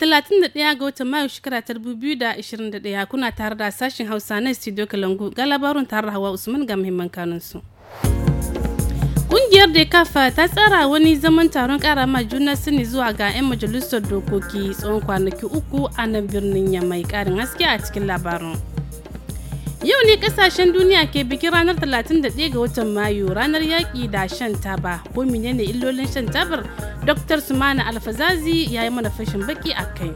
31 ga watan mayu shekara ta 2021 kuna tare da sashen hausa na studio kalangu ga labarin tare da hawa usman ga muhimman kanunsu kungiyar da kafa ta tsara wani zaman taron kara ma juna sani zuwa ga 'yan majalisar dokoki tsawon kwanaki uku a nan birnin yamai karin haske a cikin labarin Yau ne kasashen duniya ke bikin ranar 31 ga watan Mayu ranar yaƙi da shan taba ko menene illolin shan tabar Dr. Sumana Alfazazi ya yi mana fashin baki a kai.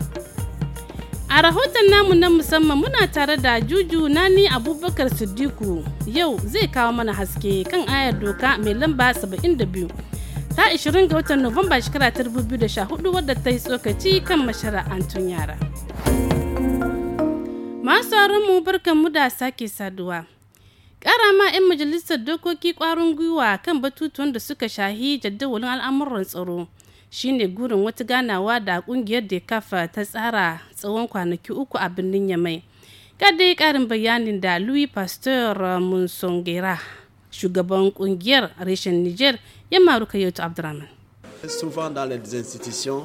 A rahoton namu na musamman muna tare da Juju Nani Abubakar Sidiku yau zai kawo mana haske kan ayar doka mai lamba 72 ta 20 ga watan Nuwamba shekara 2014 wadda ta yi tsokaci kan mashara'antun yara. sauraron mu barkan mu da sake saduwa. karama 'yan majalisar dokoki ƙwarin gwiwa kan batutuwan da suka shahi jadawalin al'amuran tsaro shine gurin wata ganawa da ƙungiyar da kafa ta tsara tsawon kwanaki uku a birnin Yamai. yi karin bayanin da Louis Pasteur Monsongera, shugaban ƙungiyar reshen Niger, ya maruka Yoto Abdurrahman. Souvent dans les institutions,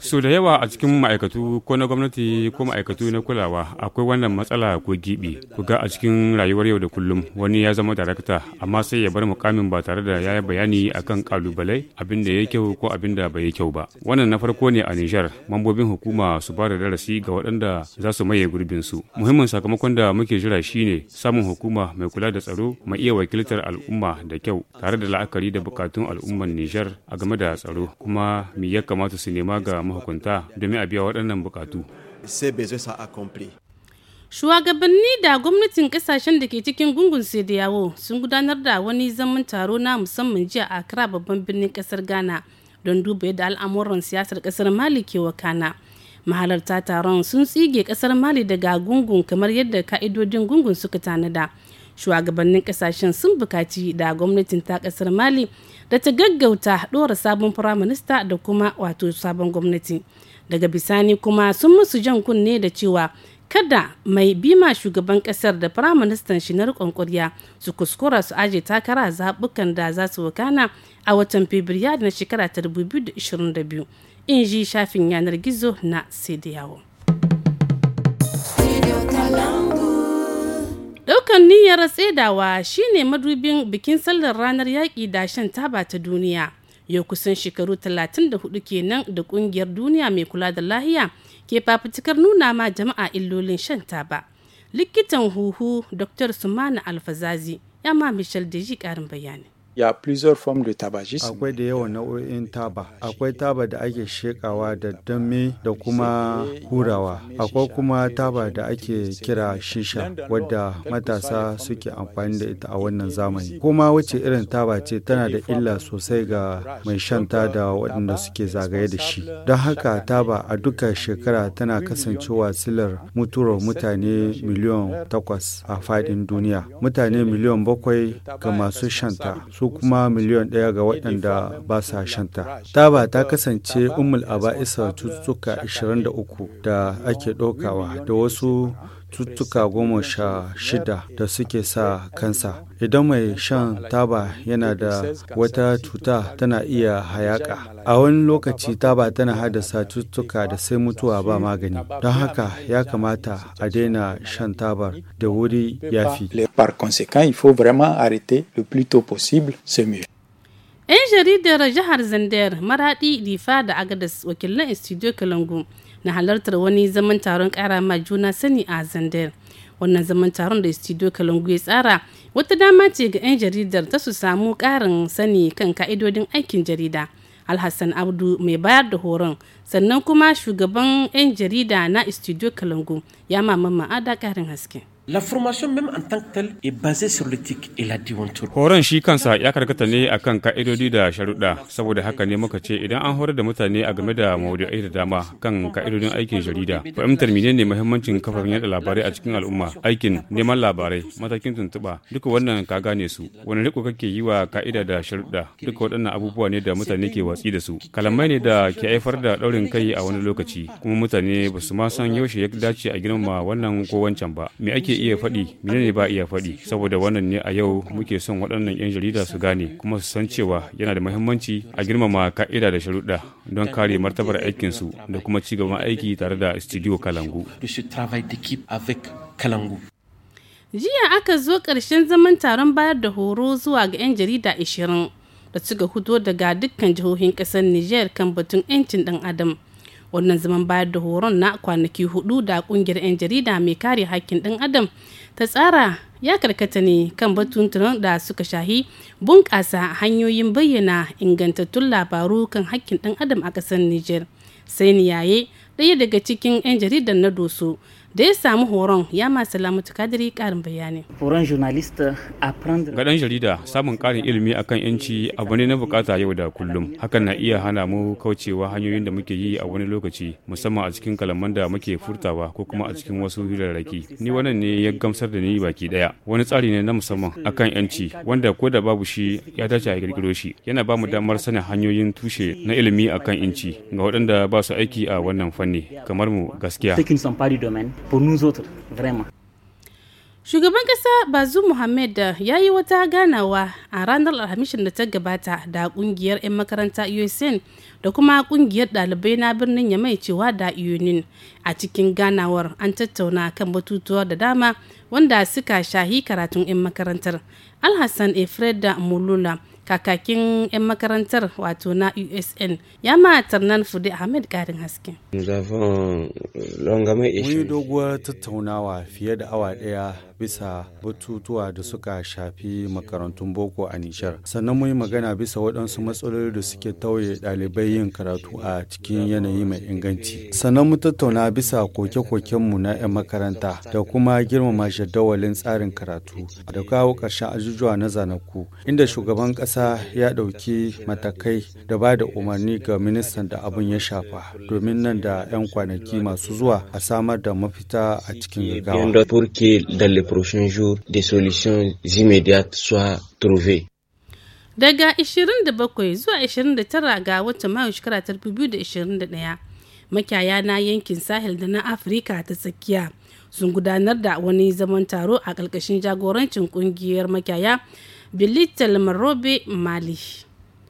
so da yawa a cikin ma'aikatu ko na gwamnati ko ma'aikatu na kulawa akwai wannan matsala ko gibi ga a cikin rayuwar yau da kullum wani ya zama darakta amma sai ya bar mukamin ba tare da ya yi bayani akan kalubalai abin da ya kyau ko abin da bai yi kyau ba wannan na farko ne a nijar mambobin hukuma su ba da darasi ga waɗanda za su maye gurbin su muhimmin sakamakon da muke jira shine samun hukuma mai kula da tsaro mai iya wakiltar al'umma da kyau tare da la'akari da bukatun al'ummar nijar a game da tsaro kuma me ya kamata su nema ga mahukunta domin a biya waɗannan bukatu. Shugabanni da gwamnatin kasashen da ke cikin gungun yawo sun gudanar da wani zaman taro na musamman jiya a kira babban birnin kasar Ghana don duba yadda al'amuran siyasar kasar Mali ke wakana. Mahalarta taron sun tsige kasar Mali daga gungun kamar yadda ka'idodin gungun suka tanada. Shugabannin kasashen sun bukaci da gwamnatin ta kasar Mali da ta gaggauta ɗora sabon firaminista da kuma wato sabon gwamnati daga bisani kuma sun musu jan kunne da cewa kada mai bima shugaban kasar da firaministan shi na riƙon su kuskura su aje takara zaɓukan da za su wakana a watan fabrairu na shekara ta 2022 in ji shafin yanar gizo na sai da yawo. Daukan niyyar tsedawa ne madubin bikin sallar ranar yaƙi da shan taba ta duniya. Yau kusan shekaru 34 kenan da ƙungiyar duniya mai kula da lahiya ke fafutukar nuna ma jama'a illolin shan taba. Likitan huhu Dr. Sumana Alfazazi ya ma Michel Deji ƙarin bayani. ya plusieurs formes de tabagisme. Akwai da yawan nau'o'in taba. Akwai taba da ake shekawa da dame da kuma hurawa. Akwai kuma taba da ake kira shisha wadda matasa suke amfani da ita a wannan zamani. Kuma wace irin taba ce tana da illa sosai ga mai shanta da waɗanda suke zagaye da shi. Don haka taba a duka shekara tana kasancewa silar mutuwar mutane miliyan takwas a faɗin duniya. Mutane miliyan bakwai ga masu shanta su kuma miliyon ɗaya ga waɗanda ba sa shanta. Taba ta kasance umul isa cututtuka 23 da ake ɗaukawa da wasu tuttuka goma sha shida da suke sa kansa idan mai shan taba yana da wata cuta tana iya hayaka a wani lokaci taba tana haddasa tuttuka da sai mutuwa ba magani don haka ya kamata a daina shan tabar da wuri yafi par conséquent il faut vraiment arrêter le plus possible c'est 'yan jaridar jihar zander maradi difa da agadas wakilan studio kalangu na halartar wani zaman taron kara ma juna sani a zandar wannan zaman taron da studio kalangu ya tsara wata dama ce ga 'yan jaridar ta su samu karin sani kan ka'idodin aikin jarida alhassan abdu mai bayar da horon sannan kuma shugaban 'yan jarida na studio kalangu ya mamman ma'ada karin haske La formation même en tant que telle est basée sur l'éthique et la déontologie. Horon shi kansa ya karkata ne a kan ka'idodi da sharuɗa saboda haka ne muka ce idan an horar da mutane a game da maudu'ai da dama kan ka'idodin aikin jarida fahimtar menene muhimmancin kafafen yada labarai a cikin al'umma aikin neman labarai matakin tuntuɓa duka wannan ka gane su wani riko kake yi wa ka'ida da sharuɗa duka waɗannan abubuwa ne da mutane ke watsi da su kalamai ne da ke haifar da ɗaurin kai a wani lokaci kuma mutane ba su ma san yaushe ya dace a girmama wannan ko wancan ba me ake iya faɗi mene ne ba iya faɗi saboda wannan ne a yau muke son waɗannan 'yan jarida su gane kuma su san cewa yana da muhimmanci a girmama ka'ida da sharuɗa don kare martabar aikinsu da kuma ci gaban aiki tare da studio kalangu jiya aka zo karshen zaman taron bayar da horo zuwa ga 'yan jarida 20 da suka hudo daga dukkan jihohin ƙasar niger kan batun 'yancin ɗan adam wannan zaman bayar da horon na kwanaki hudu da kungiyar 'yan jarida mai kare hakkin ɗan adam ta tsara ya karkata ne kan batun da suka shahi bunƙasa hanyoyin bayyana ingantattun labaru kan hakkin ɗan adam a ƙasar niger sai ni yaye ɗaya daga cikin 'yan jaridar na doso da ya samu horon ya ma kadiri karin bayani horon journalist ga dan jarida samun karin ilimi akan yanci abu ne na bukata yau da kullum hakan na iya hana mu kaucewa hanyoyin da muke yi a wani lokaci musamman a cikin kalaman da muke furtawa ko kuma a cikin wasu hirarraki ni wannan ne ya gamsar da ni baki ɗaya wani tsari ne na musamman akan yanci wanda ko da babu shi ya dace a kirkiro shi yana ba mu damar sanin hanyoyin tushe na ilimi akan yanci ga waɗanda ba su aiki a wannan fanni kamar mu gaskiya pour nous autres, vraiment. Shugaban kasa bazu Mohamed eh, ya yi wata ganawa a ranar Alhamishin da ta gabata da kungiyar 'yan makaranta USN da kuma kungiyar dalibai na birnin mai cewa da UNIN. A cikin ganawar an tattauna kan batutuwa da dama wanda suka shahi karatun 'yan makarantar. Alhassan Efred da Mulula kakakin 'yan makarantar wato na usn ya matar nan fude ahmed karin haske wani doguwar tattaunawa fiye da awa daya bisa batutuwa da suka shafi makarantun boko a nishar sannan mun magana bisa waɗansu matsaloli da suke tauye ɗalibai yin karatu a cikin yanayi mai inganci sannan mu tattauna bisa koke-kokenmu na 'yan makaranta da kuma girmama jadawalin tsarin karatu da kawo ƙarshen ajujuwa na zanaku inda shugaban ƙasa ƙasa ya ɗauki matakai da ba da umarni ga ministan da abin ya shafa domin nan da 'yan kwanaki masu zuwa a samar da mafita a cikin gaggawa. Daga 27 zuwa 29 ga watan Mayu shekara 2021 makiyaya na yankin sahel da na afirka ta tsakiya sun gudanar da wani zaman taro a ƙarƙashin jagorancin ƙungiyar makiyaya bilitel marobe mali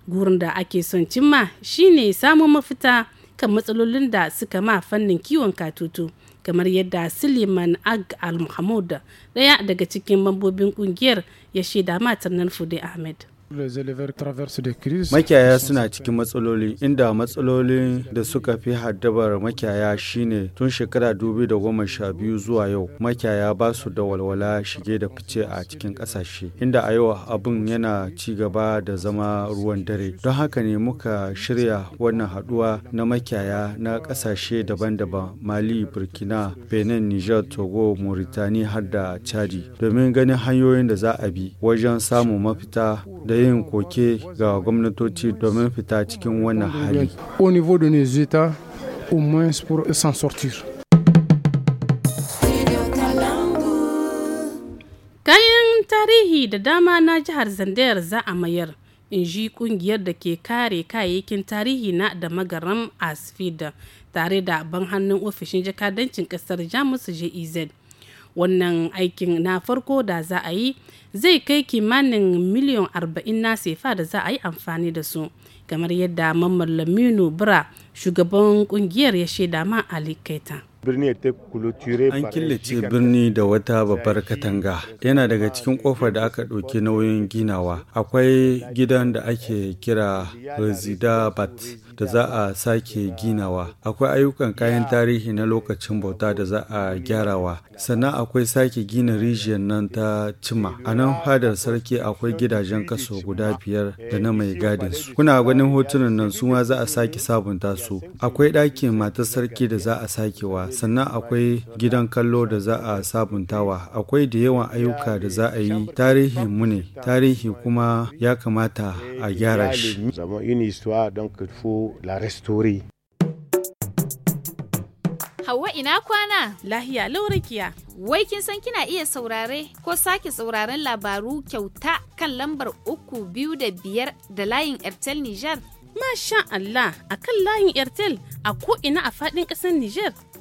gurin da ake son cimma shine samun mafita kan matsalolin da suka ma fannin kiwon katutu kamar yadda suleiman ag al-muhammad daya daga cikin mambobin kungiyar ya shaida matar nan ahmed Makiyaya suna cikin matsaloli inda matsalolin da suka fi haddabar makiyaya shine tun shekara biyu zuwa yau makiyaya ba su da walwala shige da fice a cikin kasashe inda a yau abin yana ci gaba da zama ruwan dare don haka ne muka shirya wannan haduwa na makiyaya na kasashe daban-daban Mali Burkina Benin Niger Togo Mauritania har da Chadi domin ganin hanyoyin da za a bi wajen samun mafita da yin koke ga gwamnatoci domin fita cikin wannan hali. Au niveau de nos États, au moins pour s'en sortir. Kayan tarihi da dama na jihar Zandayar za a mayar, in ji kungiyar da ke kare kayayyakin tarihi na da magaram Asfida tare da ban hannun ofishin jakadancin kasar Jamus JEZ. wannan aikin na farko da za a yi zai kai kimanin miliyan 40 na sefa da za a yi amfani da su kamar yadda mamman laminu bra shugaban kungiyar ya shaida ma ali kaita An killace birni da wata babbar katanga. Yana daga cikin kofar da aka ɗauki nauyin ginawa. Akwai gidan da ake kira Rezidabat da za a sake ginawa. Akwai ayyukan kayan tarihi na lokacin bauta da za a gyarawa. Sannan akwai sake gina rijiyar nan ta cima. A nan fadar sarki akwai gidajen kaso guda biyar da na mai gadin su. Kuna ganin hotunan nan su ma za a sake sabunta su. Akwai ɗakin matar sarki da za a sake sakewa. sannan akwai gidan kallo da za a sabuntawa akwai da yawan ayyuka da za a yi tarihi mu tarihi kuma ya kamata a gyara shi Hauwa ina kwana? Lahiya laurakiya. Wai kin san kina iya saurare ko sake sauraren labaru kyauta kan lambar uku biyu da biyar da layin Airtel Nijar? Masha Allah a kan layin Airtel a ko ina a faɗin ƙasar Nijar?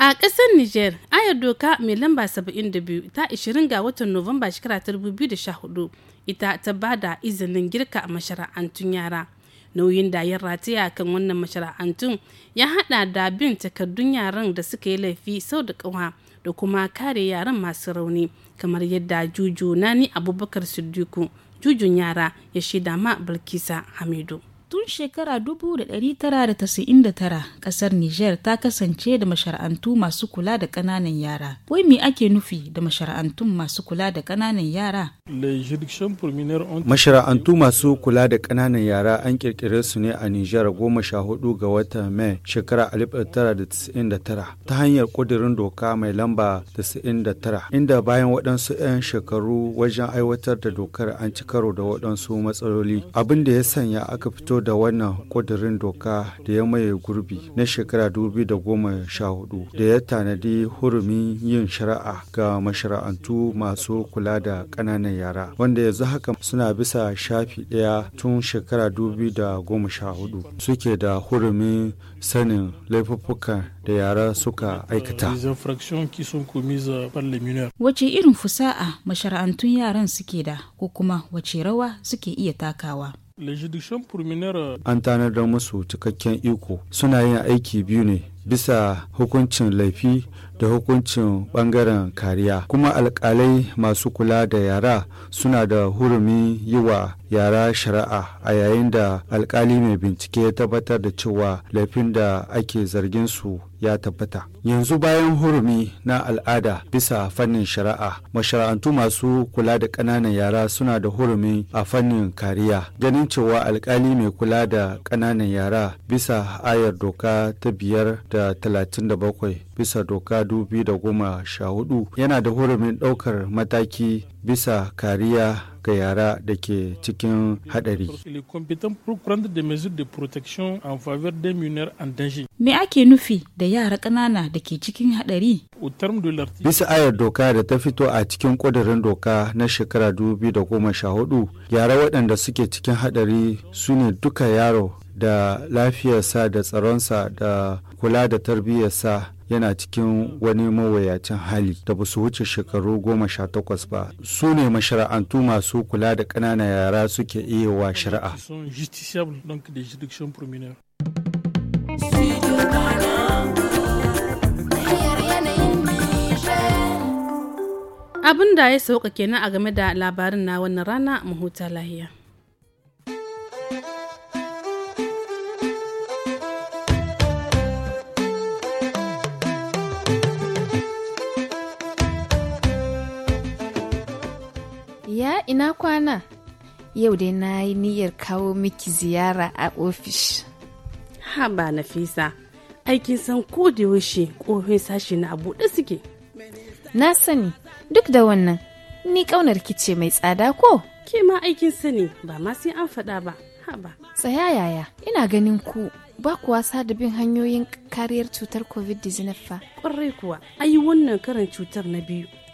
A ƙasar Nijar, ayar doka mai lamba 72 ta 20 ga watan Nuwamba shekara 2014 ita ta ba da izinin girka mashara'antun yara. Nauyin da ya rataya kan wannan mashara'antun ya haɗa da bin takardun yaran da suka yi laifi sau da ƙawa da kuma kare yaran masu rauni kamar yadda Juju Nani Abubakar Siddiqu jujun yara ya shaida ma bilkisa hamidu tun shekara 1999 kasar nijar ta kasance da mashar'antu masu kula da ƙananan yara wai me ake nufi da mashara'antun masu kula da ƙananan yara mashara'antu masu kula da ƙananan yara an ƙirƙire su ne a nijar goma sha hudu ga watan mai shekara 1999 ta hanyar ƙudurin doka mai lamba 99 inda bayan waɗansu 'yan shekaru wajen aiwatar da dokar an ci karo da waɗansu matsaloli abin da ya sanya aka fito da wannan kudirin doka da ya maye gurbi na shekara 2014 da ya tanadi hurumin yin shari'a ga mashara'antu masu kula da ƙananan yara wanda yanzu haka suna bisa shafi ɗaya tun shekara 2014 suke da hurumin sanin laifukan da yara suka aikata. Wace irin fusa'a mashara'antun yaran suke da ko kuma wace rawa suke iya takawa? Euh, An da musu cikakken iko suna yin aiki biyu ne bisa hukuncin laifi da hukuncin bangaren kariya kuma alkalai masu kula da yara suna da hurumi yi wa yara shari'a a yayin da alkali mai bincike ya tabbatar da cewa laifin da ake zargin su ya tabbata yanzu bayan hurumi na al'ada bisa fannin shari'a mashara'antu masu kula da ƙananan yara suna da hurumi a fannin kariya ganin cewa alkali mai kula da ƙananan yara bisa ayar doka ta biyar da talatin da bakwai bisa doka 2014 yana da hurumin ɗaukar mataki bisa kariya ga yara da ke cikin haɗari. Me ake nufi da yara ƙanana da ke cikin haɗari? Bisa ayar doka da ta fito a cikin ƙudurin doka na shekara 2014, yara waɗanda suke cikin haɗari su ne duka yaro da lafiyarsa da tsaronsa da kula da tarbiyyarsa yana cikin wani mawuyacin hali da ba su wuce shekaru goma sha takwas ba su ne mashara'antu masu kula da ƙananan yara suke iya wa shari'a abin da ya sauka kenan a game da labarin na wannan rana mahuta lahiya A ina kwana? Yau dai na yi niyyar kawo miki ziyara a ofis. Ha ba Nafisa, aikin san ko da yaushe ƙofin sashi na buɗe suke. Na sani, duk da wannan, ni ƙaunar ce mai tsada ko? Ke ma aikin sani ba ma sai an faɗa ba, ha Tsaya yaya, ina ganin ku ba kuwa da bin hanyoyin kariyar cutar covid-19 fa. Ƙwarai kuwa, ayi wannan karin cutar na biyu.